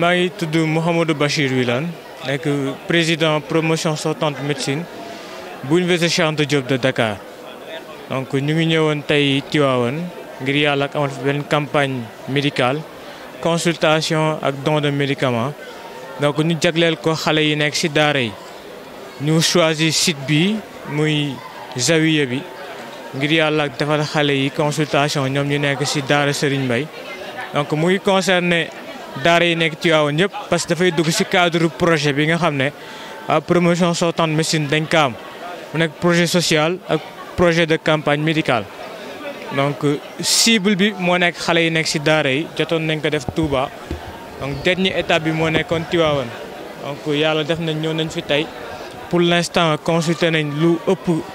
maa ngi Mohamed Mouhamadou Bachir Wilane nekk président promotion sortante médecine bu université Cheikh job de Dakar donc ñu ngi ñëwoon tey Tivaouane ngir yàlla ak amal fi campagne médicale consultation ak don de médicaments. donc ñu jagleel ko xalé yi nek ci daara yi ñu choisi site bi muy zawiya bi ngir yalla ak defal xalé yi consultation ñom ñu nek ci daara Serigne Mbaye donc muy concerné daara yi nekk Tivaouane ñëpp parce que dafay dugg si cadre projet bi nga xam ne promotion sortante machine dañ ko am mu nekk projet social ak projet de campagne médicale. donc cible bi moo nekk xale yi nekk si daara yi jotoon nañ ko def Touba donc dernier étape bi moo nekkoon Tivaouane donc yàlla def nañ ñëw nañ fi tey pour l'instant consulté nañ lu ëpp.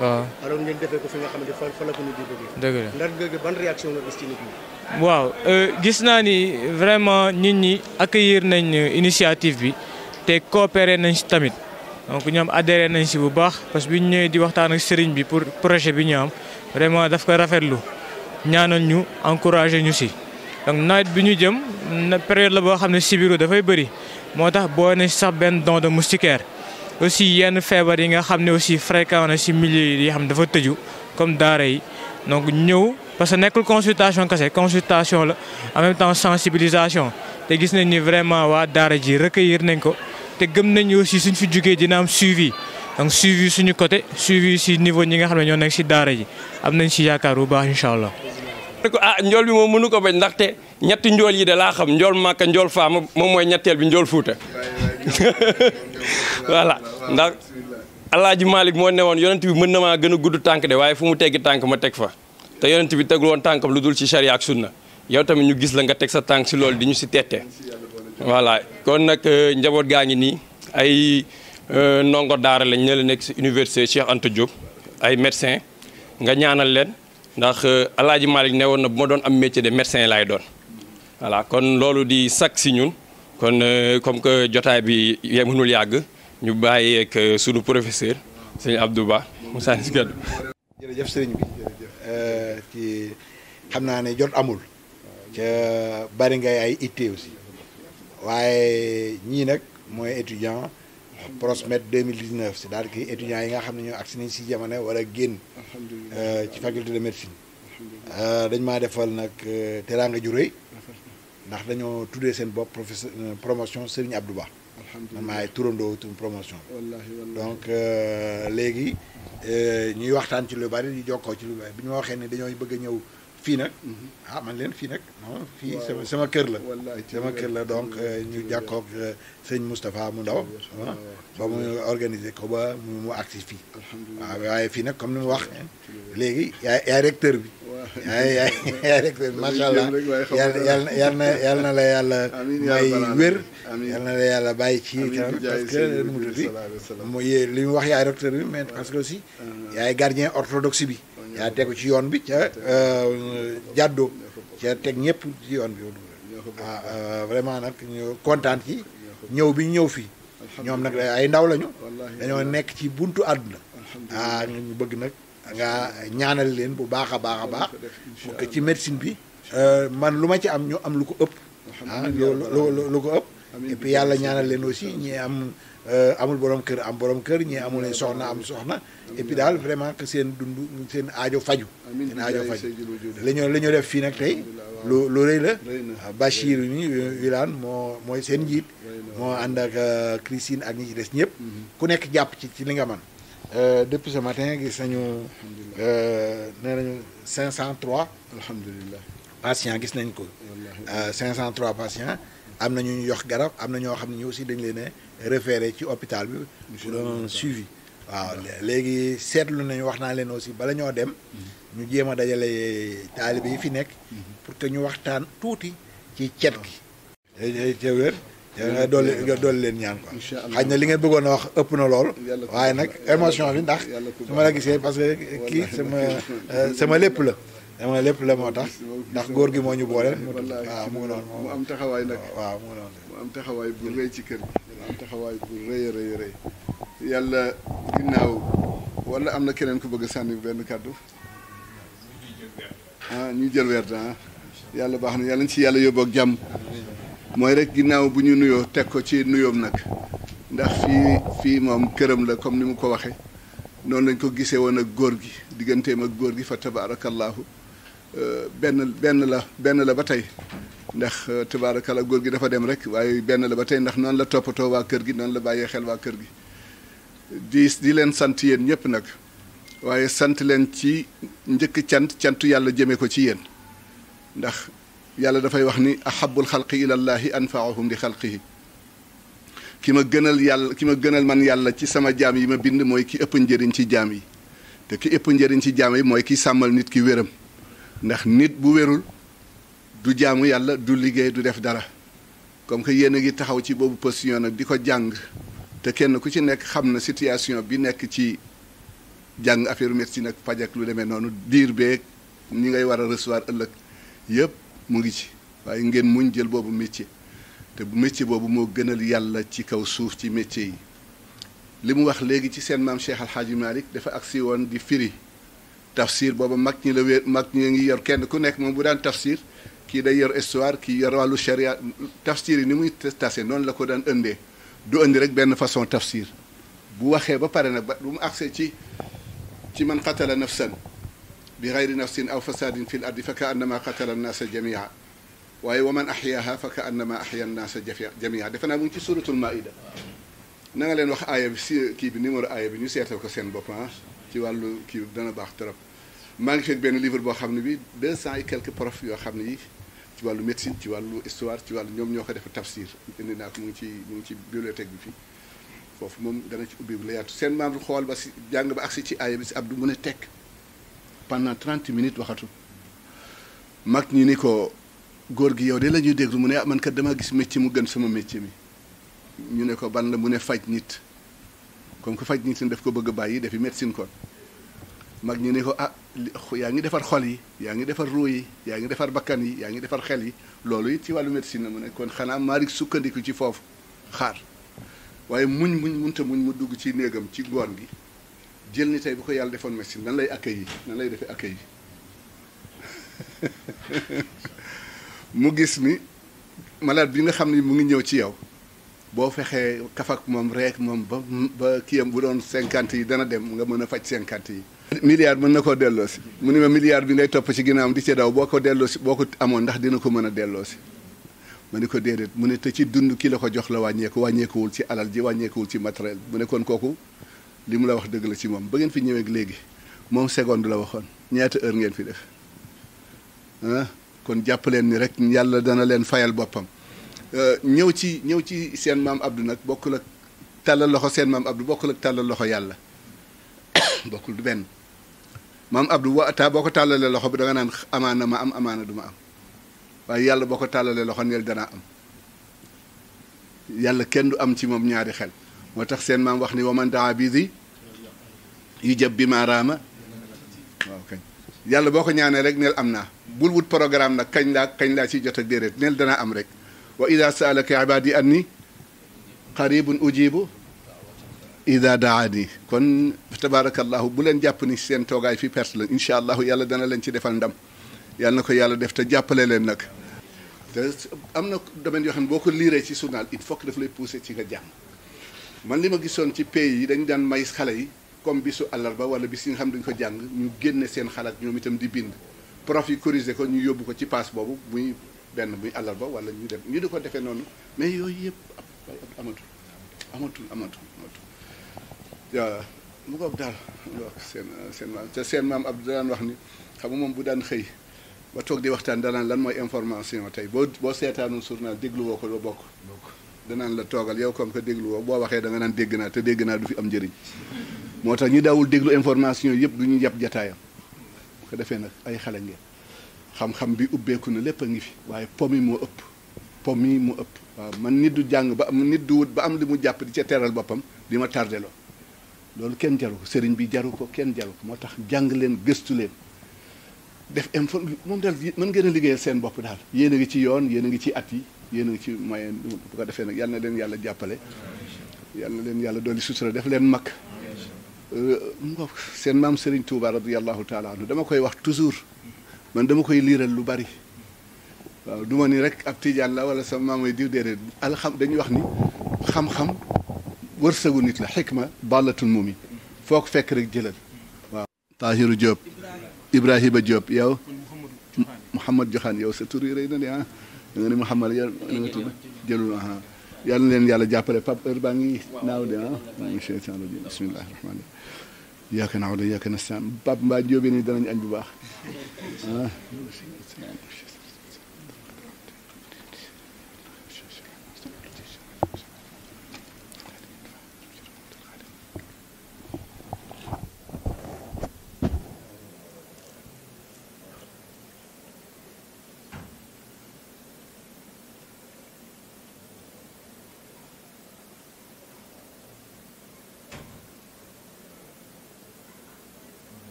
waaw alors ñu défé ko fi nga xamné fa la ko ñu di bëggee. dëgg la ndax ban réaction nga gis ci nit ñi. waaw euh, gis na ni vraiment nit ñi accueillir nañ euh, initiative bi té coopérer nañ ci tamit donc ñom adhéré nañ ci bu baax parce que bi ñu ñëwee di waxtaan ak sëriñ bi pour projet bi ñu am vraiment daf ko rafetlu ñaanal ñu encourager ñu ci donc nawet bi ñu jëm na période la boo xam ne sibiru dafay bëri moo tax boo ne sax ben don de moustiquaire aussi yenn feebar yi nga xam ne aussi fréquent na si milieu yi nga xam dafa tëju comme daara yi donc ñëw parce que nekkul consultation kese consultation la en même temps sensibilisation te gis nañ ni vraiment waa daara ji recueillir nañ ko te gëm nañ aussi suñ fi jugee dina am suivi donc suivi suñu côté suivi si niveau ñi nga xam ne ñoo nekk si daara ji am nañ si yaakaar bu baax incha allah. ah njool bi moom mënu ko bañ ndaxte ñetti njool yi de laa xam njool Màkka njool Faama moom mooy ñetteel bi njool Fuuta. voilà ndax Alaaji Malick moo ne woon yonent bi mën na maa gën a gudd tànk de waaye fu mu teggi tànk ma teg fa te yonent bi tegul woon tànkam lu dul ci charia ak sunna yow tamit ñu gis la nga teg sa tànk si loolu di ñu si teete voilà kon nag euh, njaboot gaa ngi nii ay euh, ndongo daara lañ ne la nekk si université Cheikh Anta Diop ay médecin nga ñaanal leen ndax euh, Alaaji malik ne woon na bu ma doon am métier de médecin laay doon voilà kon loolu di sakk si ñun kon euh, comme que jotaay bi ye mënul yàgg ñu bàyyeek euh, sunu professeur sëñ Abdou Ba mu sànni si kàddu jërëjëf euh, xam naa ne jot amul ca bari ngay ay itte aussi waaye ñii nag mooy étudiant prosmet 2019 c'est-à-dire que étudiants yi nga xam ne ñoo agsi nañ si jamono wala génn ci faculté de médecine dañ maa defal nag teraanga ju rëy ndax dañoo tuddee seen bopp euh, promotion Serigne Abdouba. Ba. alhamdulilah man maay turandoo promotion. donc euh, léegi euh, ñuy waxtaan ci lu bari di jokkoo ci lu bari bi ñu waxee ne dañoo bëgg a ñëw. fii nag ah leen fii nag fii sama sama kër la sama kër la donc euh, ñu jàkkoog euh, sëñ Moustapha mu ndaw ah, ba mu organise ko ba mu agsi fii waaw waaye fii nag comme ni mu wax léegi yaay recteur bi yaay yaay yaay recteur bi macha allah yàlla yàlla na yàlla na la yàlla may wér yàlla na yàlla bàyyi ci kanam parce que mu tuddi mu li mu wax yaay recteur bi mais parce que aussi ah. yaay gardien orthodoxe bi yaa tegu ci yoon bi ca euh, jàddu ca teg ñëpp ci yoon bi ah, euh, vraiment nag ñu kontaan ci ñëw bi ñëw fii ñoom nag ay ndaw lañu dañoo nekk ci buntu àdduna ah ñu bëgg nag nga ñaanal leen bu baax a baax a baax ci médecine bi euh, man lu ma ci am ñu am lu ko ëpp ah, lu ko ëpp et puis yàlla ñaanal leen aussi ñi am euh, amul borom kër am boroom kër ñi amul soxna am soxna et puis daal vraiment que seen dund seen aajo faju seen aajo faju la ñu la ñu def fii nag tey lu lu rëy la ah, Bachir mi Wilane moo mooy seen njiit moo ànd ak euh, Christine ak ñi ci des ñëpp mhm. ku nekk jàpp ci ci li nga man euh, depuis ce matin gis nañu nee nañu 503 alhamdulilah patients gis nañ ko 503 patients am na ñu ñu yox garab am na ñoo xam ne ñu aussi dañu leen a référé ci hôpital bi. pour un suivi. waaw léegi seetlu nañu wax naa leen aussi bala ñoo dem. Mhm. ñu jéem a dajale taalibe yi fi nekk. Mhm. pour que ñu waxtaan tuuti ci cet gi. te wér. nga dool leen ñaan quoi. xaj na li nga bëggoon a wax ëpp na lool. waaye nag émotion bi ndax su ma la gisee parce que kii sama euh, sama lépp la. dama lépp la moo tax ndax góor gi moo ñu boole. waaw mu ngi noonu am taxawaay nag waaw mu ngi noonu mu am taxawaay bu rëy ci kër gi mu am taxawaay bu rëy a rëy rëy yàlla ginnaaw wala am na keneen ku bëgg a sànni benn kàddu ah ñu jël weer yàlla baax na yàlla ñu ci yàlla yóbboo jàmm mooy rek ginnaaw bu ñu nuyoo teg ko ci nuyoom nag ndax fii fii moom këram la comme ni mu ko waxee noonu lañ ko gisee woon ak góor gi digganteem ak góor gi fa tabaarakallaahu benn benn la benn la ba tey ndax euh, tabaarakala góor gi dafa dem rek waaye benn la ba tey ndax noonu la toppatoo waa kër gi noonu la bàyyee xel waa kër gi di di leen sant yeen ñëpp nag waaye sant leen ci njëkk cant cantu yàlla jëmee ko ci yéen ndax yàlla dafay wax ni ahabul xalqi ilallahi anfaahum li yi ki ma gënal yàlla ki ma gënal man yàlla ci sama jaam yi ma bind mooy ki ëpp njëriñ ci jaam yi te ki ëpp njëriñ ci jaam yi mooy ki sàmmal nit ki wéram ndax nit bu wérul du jaamu yàlla du liggéey du def dara comme que yéen a ngi taxaw ci boobu position nag di ko jàng te kenn ku ci nekk xam na situation bi nekk ci jàng affaire médecine ak faj ak lu demee noonu diir beeg ñi ngay war a recevoir ëllëg yëpp mu ngi ci waaye ngeen muñ jël boobu métier te métier boobu moo gënal yàlla ci kaw suuf ci métier yi li mu wax léegi ci seen maam Cheikh Al Hadji dafa agsi woon di firi. tafsir booba mag ñi la wéer mag ñi ngi yor kenn ku nekk moom bu daan tafsir kii day yor histoire kii yor wàllu sharia tafsir yi ni muy tase noonu la ko daan indee du indi rek benn façon tafsir bu waxee ba pare nag ba bu mu agsee ci ci man qatala nafsan bi gayri nafsin aw fasadin fi l ardi fa ka annama qatala annaasa jamia waaye wa man axyaaha fa ka annama axya annaasa jamia defe naa mu ngi ci suratul maida na nga leen wax aaya bi si kii bi numéro aaya bi ñu seetal ko seen bopp ci wàllu kii dana baax trop maa ngi fekk benn boo xam ne bi deux cent et quelques yoo xam ne ci wàllu médecine ci wàllu histoire ci wàllu ñoo ko defa tafsir indi naa ko mu ngi ci mu ngi ci bibliothèque foofu moom dana ci ubbi la yaatu seen membre xool ba jàng ba agsi ci aaya bi si Abdou mu ne tekk pendant trente minutes waxatu mag ñi ni ko góor gi yow de la ñuy déglu mu ne ah man kat damaa gis métier mu gën sama métier mi ñu ne ko ban la mu ne faj nit comme que faj nit def ko bëgg bàyyi dafi médecine kon mag ñi ni ko ah yaa ngi defar xol yi yaa ngi defar ruu yi yaa ngi defar bakkan yi yaa ngi defar xel yi loolu it ci wàllu médecine la mu ne kon xanaa maarik sukkandiku ci foofu xaar waaye muñ muñ munta muñ mu dugg ci néegam ci ngoon gi jël ni tey bu ko yàlla defoon médecine nan lay accueil yi nan lay defee accueil yi mu gis ni malade bi nga xam ni mu ngi ñëw ci yow boo fexee kafak moom rek moom ba ba kiyam bu doon cinquante yi dana dem nga mën a faj cinquante yi milliard mën na koo delloosi mu ne ma milliard bi ngay topp ci ginnaawam di ci daw boo ko delloosi boo ko amoon ndax dina ko mën a delloosi ma ni ko déedéet mu ne te ci dund kii la ko jox la wàññeeku wàññeekuwul ci alal ji wàññeekuwul ci matériel mu nekkoon kon kooku li mu la wax dëgg la ci moom ba ngeen fi ñëwee léegi moom seconde la waxoon ñaata heure ngeen fi def kon jàpp leen ni rek yàlla dana leen fayal boppam euh, ñëw ci ñëw ci seen maam Abdou nag bokkul ak tàllal loxo seen maam Abdou bokkul ak tàllal loxo yàlla bokkul du benn. مام عبد الله بوكو تالال لخو دا نان امانه ما ام امانه دوما ام وا يالا بوكو تالال لخو نيل دانا ام يالا كين ام سي مام نياري خيل موتاخ مام واخني ومن تعابيدي يجب بما رام يالا بوكو نياني رك نيل امنا بول ووت بروغرام نا كاج لا كاج لا سي جوتك ديريت نيل دانا ام واذا سالك عبادي اني قريب اجيبه daa daani kon tabaarakallahu bu leen jàpp ni seen toogaay fi perte la incha allah yàlla dana leen ci defal ndam yàlla na ko yàlla def te jàppale leen nag te am na domaine yoo xam ne boo ko liiree ci journal il faut que lay pousser ci nga jàmm man li ma gisoon ci pays yi dañ daan may xale yi comme bisu àllarba wala bis yi xam dañ ko jàng ñu génne seen ñoom itam di bind prof yi corriger ko ñu yóbbu ko ci paas boobu muy benn muy àllarba wala ñu def ñu di ko defee noonu mais yooyu yëpp amatul amatul amatul amatul waaw mu ngoog daal nga wax seen seen maam te seen maam Abdou daan wax ni xam nga moom bu daan xëy ba toog di waxtaan danaan lan mooy information tey boo boo seetaanu journal déglu woo ko doo bokk danaan la toogal yow comme que déglu boo waxee da nga naan dégg naa te dégg naa du fi am njëriñ moo tax ñu daawul déglu information yëpp du ñu yàpp jataayam bu ko defee nag ay xale ngeen xam-xam bi ubbeeku na lépp a ngi fi waaye pom yi moo ëpp pom yi moo ëpp waaw man nit du jàng ba am nit du wut ba am li mu jàpp di ca teral boppam di ma tardeloo loolu kenn jaru ko sëriñ bi jaru ko kenn jaru ko moo tax jàng leen gëstu leen def info moom daal man ngeen a liggéeyal seen bopp daal yéen ngi ci yoon yéen ngi ci at yi yéen a ngi ci moyen bu ko defee nag yal na leen yàlla jàppale yal leen yàlla dolli sutura def leen mag euh, ngo seen maam Serigne Touba radiyallahu taala anhu dama koy wax toujours man dama koy liiral lu bari waaw du ma ni rek ab tijaan la wala sama maam ay diw déedéet alxam dañuy wax ni xam-xam wërsëgu nit la xikma bàllatul mumin foo ko fekk rek jëlal waaw Tahiru Diop Ibrahima Diop yow Mouhamad Joxaan yow sa tur yi na de ah nga ni Mouhamad yow na nga tudd jëlul ah yàlla na leen yàlla jàppale Pape heure baa ngi naaw de ah min cheytaan rajim bismillahi rahmaani rahim iyyaka na'budu wa iyyaka mbaa Diop yi nii danañ añ bu baax ah.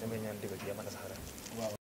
damay ñaan di ko jéem a tasaare.